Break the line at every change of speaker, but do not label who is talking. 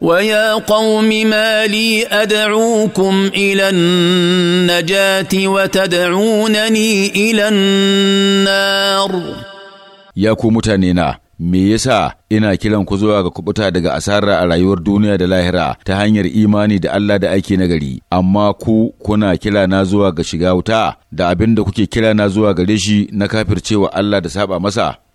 ويا قوم ما لي ادعوكم الى النجاه وتدعونني الى النار
يا كومتانينا mutane na me yasa ina kiran ku zuwa ga kubuta daga asara a rayuwar duniya da lahira ta hanyar imani da Allah da aiki nagari amma ku kuna kila na
zuwa ga shiga wuta da abin da kuke kila na zuwa gare shi na kafircewa Allah da saba masa